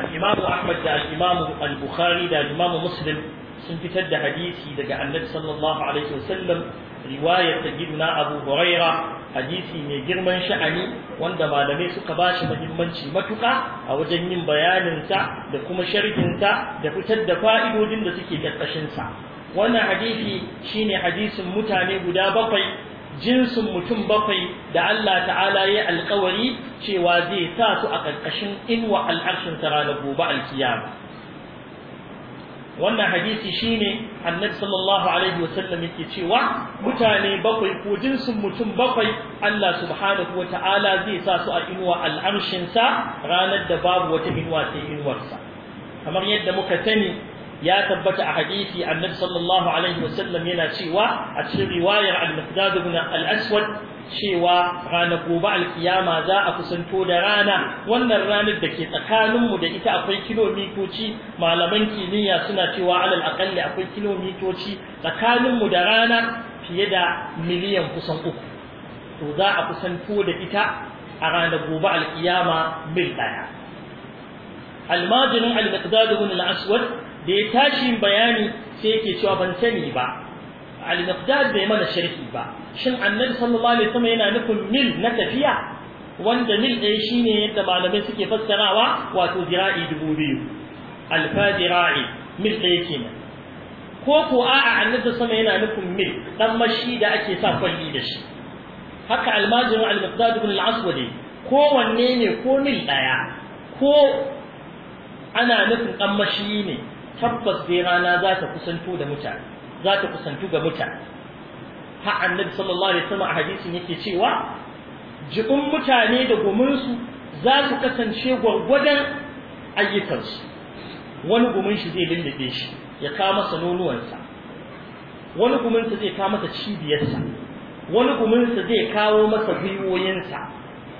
al-Imam Ahmad da al-Imam al-Bukhari da al-Imam Muslim sun fitar da hadisi daga Annabi sallallahu alaihi wasallam riwayar sayyidina Abu Huraira hadisi mai girman sha'ani wanda malamai suka ba shi muhimmanci matuka a wajen yin bayanin bayaninsa da kuma sharhinsa da fitar da fa'idodin da suke karkashin sa wannan hadisi shine hadisin mutane guda bakwai jinsin mutum bakwai da Allah ta'ala ya alkawari cewa zai sa su a ƙarƙashin inuwa al'arshin tara da gobe alkiyama wannan hadisi shine annabi sallallahu alaihi wasallam yake cewa mutane bakwai ko jinsin mutum bakwai Allah subhanahu ta'ala zai sa su a inuwa al'arshin sa ranar da babu wata inuwa sai inuwarsa kamar yadda muka sani ya tabbata a hadisi annabi sallallahu alaihi wasallam yana cewa a cikin riwayar al-miqdad ibn al-aswad cewa ranar gobe alkiyama za a kusanto da rana wannan ranar da ke tsakaninmu da ita akwai kilomitoci malaman kimiyya suna cewa alal akalli akwai kilomitoci tsakaninmu da rana fiye da miliyan kusan uku to za a kusanto da ita a ranar gobe alkiyama mil ɗaya almajirin al-miqdad ibn al-aswad da ya tashi bayani sai yake cewa ban sani ba al-miqdad bai mana sharhi ba shin annabi sallallahu alaihi wasallam yana nufin mil na tafiya wanda mil ɗaya shine yadda malamai suke fassarawa wato zira'i dubu biyu alfa zira'i mil ɗaya kenan ko ko a'a annabi sama yana nufin mil dan mashi da ake sa kwalli da shi haka almajirin al-miqdad ibn al-aswad kowanne ne ko mil ɗaya ko ana nufin dan mashi ne tabbas dai rana za ta kusanto da mutane za ta kusantu ga mutane ha annabi sallallahu alaihi wasallam a hadisin yake cewa jibin mutane da gumunsu za su kasance gwargwadon ayyukansu wani gumin shi zai lullube shi ya kama masa nonuwansa wani sa zai kama masa cibiyarsa wani sa zai kawo masa gwiwoyinsa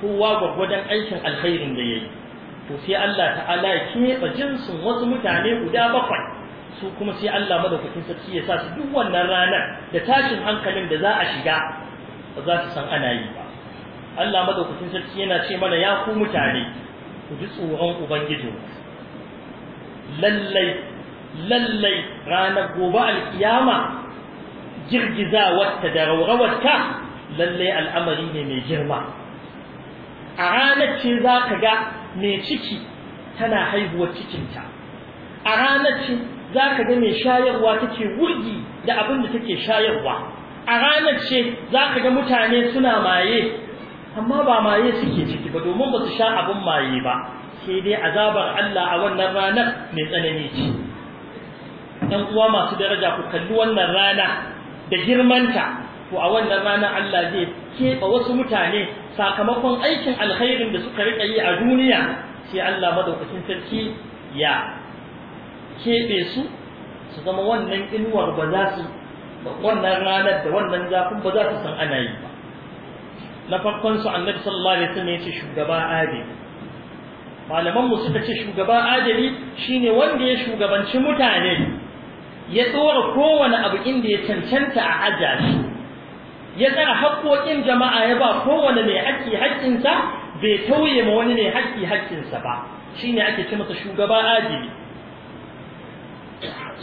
kowa gwargwadon aikin alkhairin da ya yi to sai Allah ta'ala ya keɓe jinsin wasu mutane guda bakwai su kuma sai Allah madaukakin sarki ya sa su duk wannan ranar da tashin hankalin da za a shiga ba za su san ana yi ba Allah madaukakin sarki yana ce mana ya ku mutane ku ji tsoron ubangiji lallai lallai ranar gobe alkiyama girgizawarta da raurawarta lallai al'amari ne mai girma a ranar ce za ka ga mai ciki tana haihuwar cikinta a ranar ce za ka ga mai shayarwa take wurgi da abin da take shayarwa a ranar ce za ka ga mutane suna maye amma ba maye suke ciki ba domin ba su sha abin maye ba sai dai azabar Allah a wannan ranar mai tsanani ce ɗan uwa masu daraja ku kalli wannan rana da girmanta to a wannan rana Allah zai keɓe wasu mutane sakamakon aikin alkhairin da suka riƙa yi a duniya sai Allah madaukakin sarki ya keɓe su su zama wannan inuwar ba za su wannan ranar da wannan zafin ba za su san ana yi ba na farkon su annabi sallallahu alaihi wasallam yace shugaba adali malaman mu suka ce shugaba adali shine wanda ya shugabanci mutane ya tsora kowane abu inda ya cancanta a ajashi ya tsara haƙoƙin jama'a ya ba kowane mai haƙƙi haƙƙinsa bai tauye ma wani mai haƙƙi haƙƙinsa ba Shi ne ake ce masa shugaba adili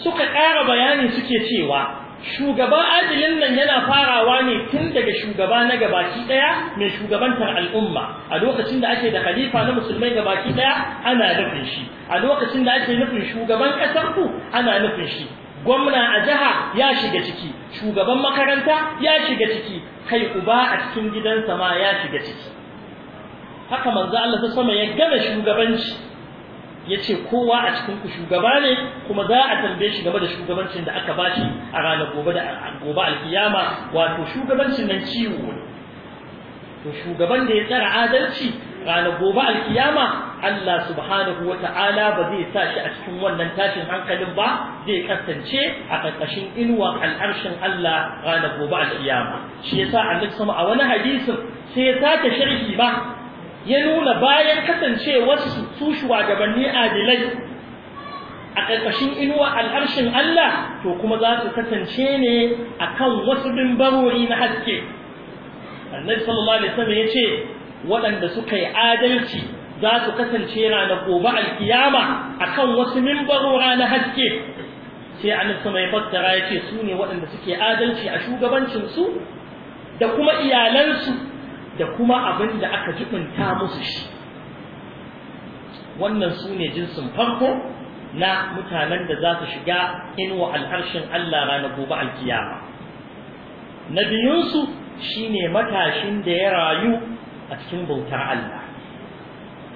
suka ƙara bayani suke cewa shugaban adilin nan yana farawa ne tun daga shugaba na gabaki ɗaya mai shugabantar al'umma a lokacin da ake da khalifa na musulmai gabaki ɗaya ana nufin shi a lokacin da ake nufin shugaban ƙasar ku ana nufin shi gwamna a jiha ya shiga ciki shugaban makaranta ya shiga ciki kai uba a cikin gidansa ma ya shiga ciki haka manzo Allah ta sama ya gane shugabanci yace kowa a cikin ku shugaba ne kuma za a tambaye shi game da shugabancin da aka bashi a ranar gobe da gobe alkiyama wato shugabancin nan ciwo ne to shugaban da ya tsara adalci ranar gobe alkiyama Allah subhanahu wa ta'ala ba zai sa shi a cikin wannan tashin hankalin ba zai kasance a ƙarƙashin inuwa al'arshin Allah ranar gobe alkiyama shi sa Allah sama a wani hadisin sai ya sake sharhi ba ya nuna bayan kasancewarsu su shugabanni adilai a ƙarƙashin inuwa al'arshin Allah to kuma za su kasance ne akan wasu dimbarori na haske. Annabi sallallahu Alaihi wasallam ya ce, waɗanda suka yi adalci za su kasance yana da gobe alkiyama akan wasu mimbarora na haske sai annabi mai fassara ya ce su ne waɗanda suke adalci a shugabancinsu da kuma iyalansu da kuma abin da aka jikunta musu shi wannan su ne jinsin farko na mutanen da za su shiga inuwa alharshen Allah ranar gobe alkiyama na biyunsu shine matashin da ya rayu a cikin bautar Allah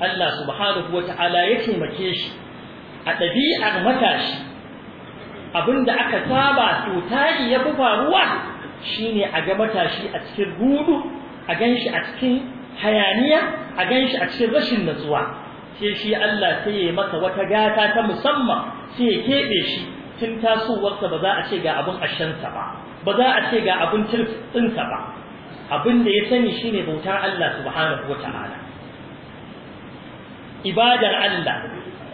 Allah subhanahu wata'ala ya taimake shi a ɗabi'ar matashi abinda aka saba tutari ya fi faruwa shine a ga matashi a cikin gudu a ganshi a cikin hayaniya a ganshi a cikin rashin natsuwa sai shi Allah sai ya masa wata gata ta musamman sai ya keɓe shi tun tasowarsa ba za a ce ga abin ashansa ba ba za a ce ga abin tirtsinsa ba abin da ya sani shine bautar Allah subhanahu Ta'ala. ibadar Allah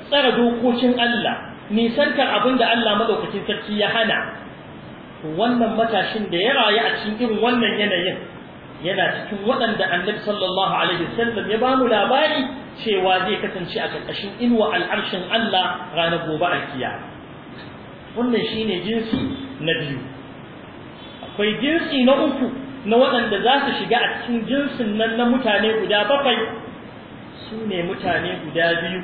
tsara dokokin Allah nisantar abin da Allah maɗaukacin sarki ya hana wannan matashin da ya rayu a cikin irin wannan yanayin yana cikin waɗanda annabi sallallahu alaihi wasallam ya bamu labari cewa zai kasance a ƙarƙashin inuwa al'arshin Allah ranar gobe alkiya wannan shine jinsi na biyu akwai jinsi na uku na waɗanda za su shiga a cikin jinsin nan na mutane guda bakwai su ne mutane guda biyu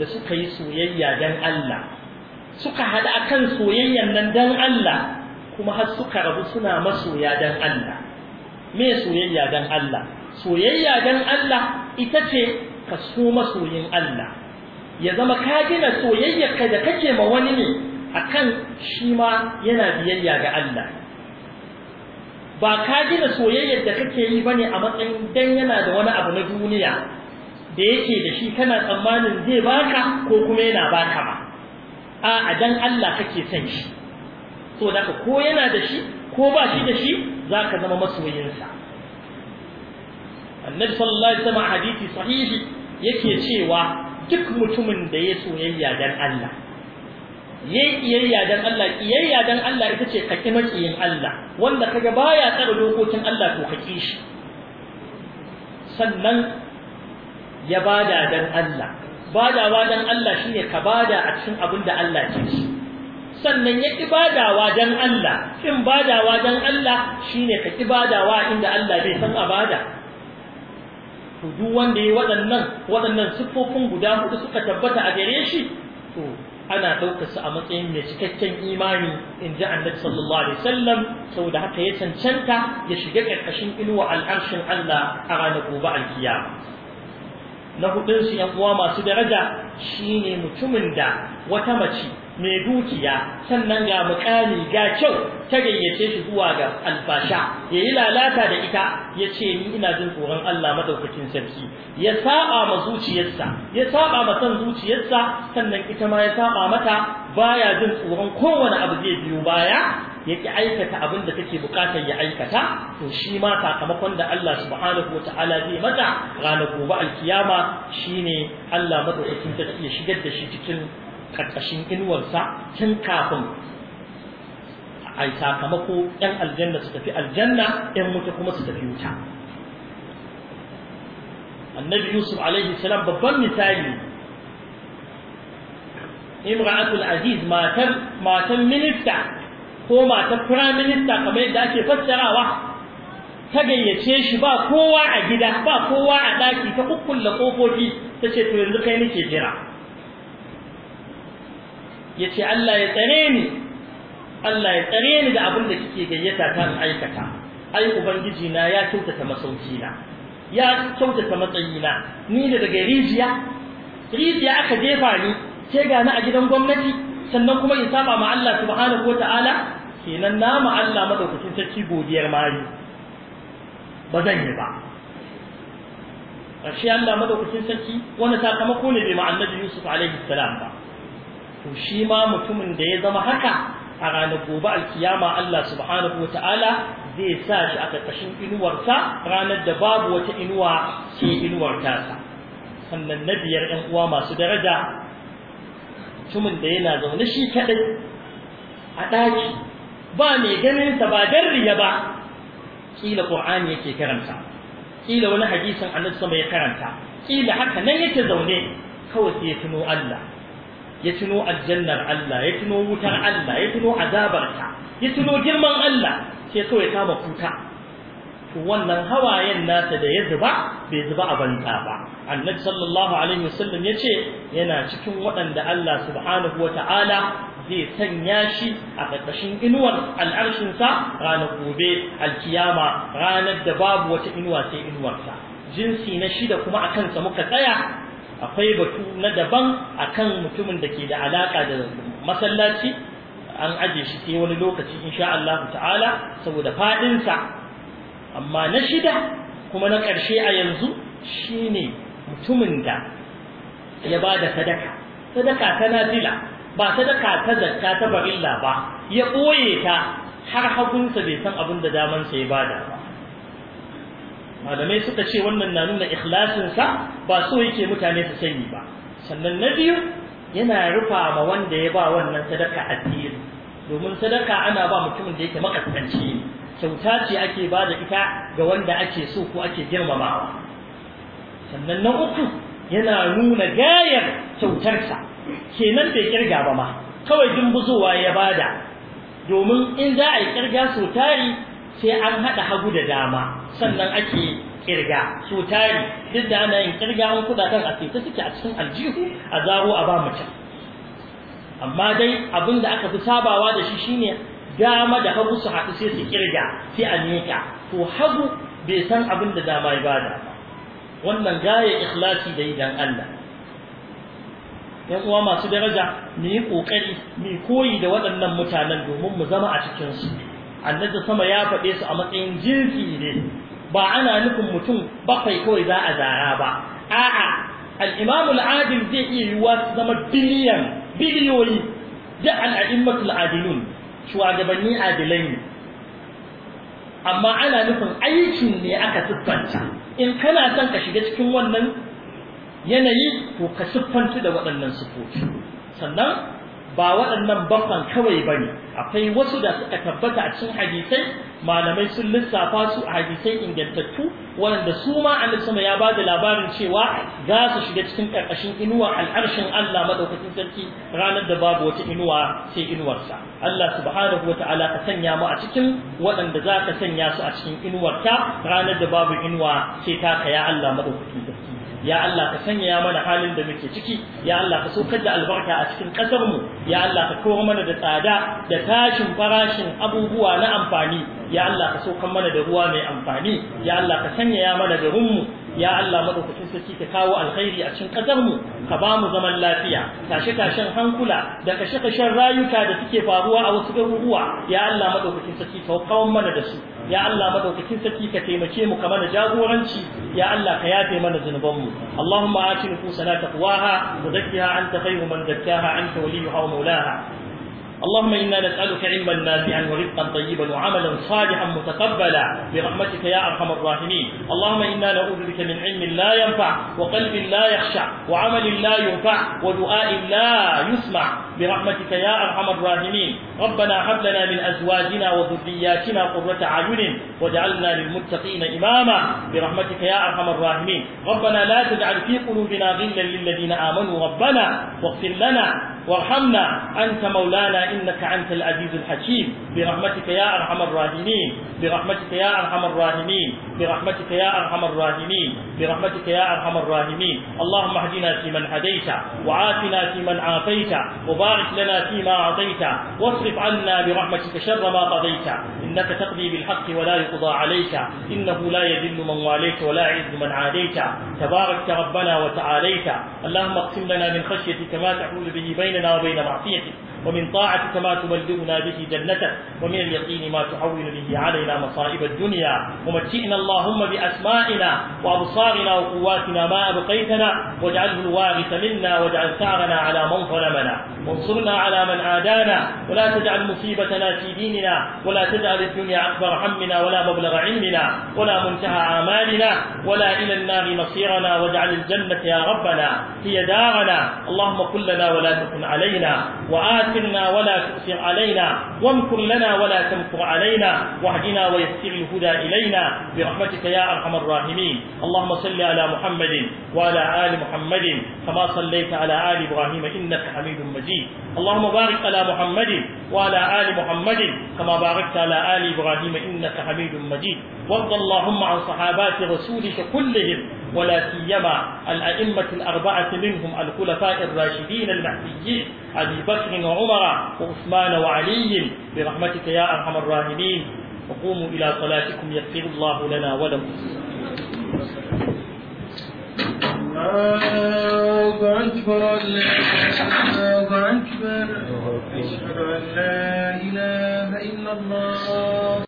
da suka yi soyayya don Allah suka haɗa kan soyayyan nan don Allah kuma har suka rabu suna masoya don Allah me soyayya don Allah soyayya don Allah ita ce ka so masoyin Allah ya zama ka gina soyayyarka da kake ma wani ne akan shi ma yana biyayya ga Allah ba ka gina soyayyar da kake yi bane a matsayin dan yana da wani abu na duniya da yake da shi kana tsammanin zai baka ko kuma yana baka ba a a dan Allah kake son shi to da ko yana da shi ko ba shi da shi zaka zama masoyinsa annabi sallallahu alaihi wasallam hadisi sahihi yake cewa duk mutumin da ya soyayya dan Allah yayi iyayya dan Allah kiyayya dan Allah ita ce kake makiyin Allah wanda kaga baya tsara dokokin Allah to kaki shi sannan ya bada dan Allah badawa dan Allah shine ka bada a cikin abinda da Allah ke shi. sannan ya ibadawa dan Allah in badawa dan Allah shine ka ibadawa inda Allah bai san abada to duk wanda yayi waɗannan waɗannan siffofin guda hudu suka tabbata a gare shi ana ɗaukar a matsayin mai cikakken imani in ji annabi sallallahu alaihi wasallam saboda haka ya cancanta ya shiga ƙarƙashin inuwa al'arshin Allah a ranar gobe alkiya na hudun su yan uwa masu daraja shine mutumin da wata mace mai dukiya sannan ga mukami ga kyau ta gayyace shi zuwa ga alfasha ya yi lalata da ita ya ce ni ina jin tsoron Allah madaukakin sarki ya saba ma zuciyarsa ya saba ma san zuciyarsa sannan ita ma ya saba mata baya jin tsoron kowane abu zai biyo baya ya yake aikata abin da take bukatar ya aikata to shi ma sakamakon da Allah subhanahu wataala zai mata ranar gobe alkiyama shine Allah madaukakin sarki ya shigar da shi cikin karkashin inuwarsa tun kafin a sakamako ‘yan aljanna su tafi aljanna ‘yan wuta kuma su tafi wuta annabi yusuf alaihi salam babban misali imra'atul aziz matar matan minista ko matar prime minista kamar yadda ake fassarawa ta gayyace shi ba kowa a gida ba kowa a daki ta kukkulla kofofi ta ce to yanzu kai nake jira Yace Allah ya tsare ni Allah ya tsare ni da abin da kike gayyata ta aikata ai ubangiji na ya kyautata masauki na ya kyautata matsayi na ni da daga rijiya rijiya aka jefa ni sai ga ni a gidan gwamnati sannan kuma in saba ma Allah subhanahu wataala kenan na ma Allah madaukakin sarki godiyar mari ba zan yi ba ashe Allah madaukakin sarki wani sakamako ne bai ma annabi Yusuf alaihi salam ba to shi ma mutumin da ya zama haka a ranar gobe alkiyama Allah subhanahu wa ta'ala zai sa shi a ƙarƙashin inuwarsa ranar da babu wata inuwa ke inuwar tasa sannan na biyar ɗan uwa masu daraja mutumin da yana zaune shi kaɗai a ɗaki ba mai sa ba riya ba kila Qur'ani yake karanta kila wani hadisin Annabi sama ya karanta kila haka nan yake zaune kawai sai ya tuno Allah ya tuno aljannar Allah ya tuno wutar Allah ya tuno azabarta ya tuno girman Allah sai kawai kama kuta to wannan hawayen nasa da ya zuba bai zuba a banza ba annabi sallallahu alaihi wasallam yace yana cikin waɗanda Allah subhanahu wataala zai sanya shi a ƙarƙashin inuwar al'arshinsa ranar gobe alkiyama ranar da babu wata inuwa sai inuwarta. jinsi na shida kuma a kansa muka tsaya akwai batu na daban a kan mutumin da ke da alaƙa da masallaci an aje shi ke wani lokaci insha Allah ta'ala saboda faɗinsa. amma na shida kuma na ƙarshe a yanzu shine mutumin da ya ba da sadaka sadaka ta nazila ba sadaka ta zakka ta barilla ba ya ɓoye ta har hagunsa bai san abin da damansa ya ba da ba malamai suka ce wannan na nuna ikhlasinsa ba so yake mutane su sani ba sannan na biyu yana rufa ma wanda ya ba wannan sadaka addini domin sadaka ana ba mutumin da yake makasanci ne kyauta ce ake ba da ita ga wanda ake so ko ake girmamawa sannan na uku yana nuna gayar kyautarsa kenan bai kirga ba ma kawai dumbuzowa ya bada domin in za a yi kirga sau tari sai an haɗa hagu da dama sannan ake ƙirga su tari duk da ana yin kirga an kudatan a fita suke a cikin aljihu a zaro a ba mutum amma dai abin da aka fi sabawa da shi shine dama da hagu su haɗu sai su kirga sai a miƙa to hagu bai san abin da dama ya bada wannan gaya ikhlasi da idan Allah yan uwa masu daraja mu yi kokari mu koyi da waɗannan mutanen domin mu zama a cikin su annabi sama ya faɗe su a matsayin jinsi ne ba ana nufin mutum bakwai kawai za a zara ba a'a al-imam al-adil zai iya yiwuwa su zama biliyan biliyoyi da al al adilun shugabanni adilai amma ana nufin aikin ne aka siffanta in kana son ka shiga cikin wannan yanayi ko ka siffanta da waɗannan siffofi sannan ba waɗannan bakwai kawai ba ne akwai wasu da suka tabbata a cikin hadisai malamai sun lissafa su a hadisai ingantattu waɗanda su ma sama ya ba da labarin cewa za su shiga cikin ƙarƙashin inuwa al'arshin Allah madaukakin sarki ranar da babu wata inuwa sai inuwarsa Allah subhanahu wata'ala ka sanya mu a cikin waɗanda za ka sanya su a cikin inuwarta ranar da babu inuwa sai ta kaya Allah madaukakin sarki ya Allah ka sanya mana halin da muke ciki ya Allah ka saukar da albarka a cikin kasar mu ya Allah ka kawo mana da tsada da tashin farashin abubuwa na amfani ya Allah ka saukar mana da ruwa mai amfani ya Allah ka sanya mana garin mu ya Allah madaukakin sarki ka kawo alkhairi a cikin kasar mu ka ba mu zaman lafiya tashe tashen hankula da kashe kashen rayuka da suke faruwa a wasu garuruwa ya Allah madaukakin sarki ka kawo mana da su ya Allah madaukakin saki ka taimake mu ka mana jagoranci ya Allah ka yafe mana zunubanmu Allahumma na nufusana taqwaha wa zakkiha anta khayru man zakkaha anta waliyuha wa mawlaha اللهم إنا نسألك علما نافعا ورزقا طيبا وعملا صالحا متقبلا برحمتك يا أرحم الراحمين اللهم إنا نعوذ بك من علم لا ينفع وقلب لا يخشع وعمل لا ينفع ودعاء لا يسمع برحمتك يا أرحم الراحمين ربنا هب لنا من أزواجنا وذرياتنا قرة أعين واجعلنا للمتقين إماما برحمتك يا أرحم الراحمين ربنا لا تجعل في قلوبنا غلا للذين آمنوا ربنا واغفر لنا وارحمنا أنت مولانا إنك أنت العزيز الحكيم برحمتك يا أرحم الراحمين برحمتك يا أرحم الراحمين برحمتك يا أرحم الراحمين برحمتك يا أرحم الراحمين اللهم اهدنا فيمن هديت وعافنا فيمن عافيت وبارك لنا فيما أعطيت واصرف عنا برحمتك شر ما قضيت إنك تقضي بالحق ولا يقضى عليك إنه لا يذل من واليت ولا يعز من عاديت تبارك ربنا وتعاليت اللهم اقسم لنا من خشيتك ما تحول به بيننا وبين معصيتك ومن طاعتك ما تبلغنا به جنتك ومن اليقين ما تحول به علينا مصائب الدنيا ومتئنا اللهم بأسمائنا وأبصارنا وقواتنا ما أبقيتنا واجعله الوارث منا واجعل ثارنا على من ظلمنا وانصرنا على من عادانا ولا تجعل مصيبتنا في ديننا ولا تجعل الدنيا أكبر همنا ولا مبلغ علمنا ولا منتهى آمالنا ولا إلى النار مصيرنا واجعل الجنة يا ربنا هي دارنا اللهم كن لنا ولا تكن علينا وآت حملنا ولا تؤثر علينا وامكر لنا ولا تمكر علينا واهدنا ويسر الهدى إلينا برحمتك يا أرحم الراحمين اللهم صل على محمد وعلى آل محمد كما صليت على آل إبراهيم إنك حميد مجيد اللهم بارك على محمد وعلى آل محمد كما باركت على آل إبراهيم إنك حميد مجيد وارض اللهم عن صحابات رسولك كلهم ولا سيما الأئمة الأربعة منهم الخلفاء الراشدين المهديين أبي بكر وعمر وعثمان وعلي برحمتك يا أرحم الراحمين وقوموا إلى صلاتكم يغفر الله لنا ولكم الله أكبر الله أكبر أشهد أن لا إله إلا الله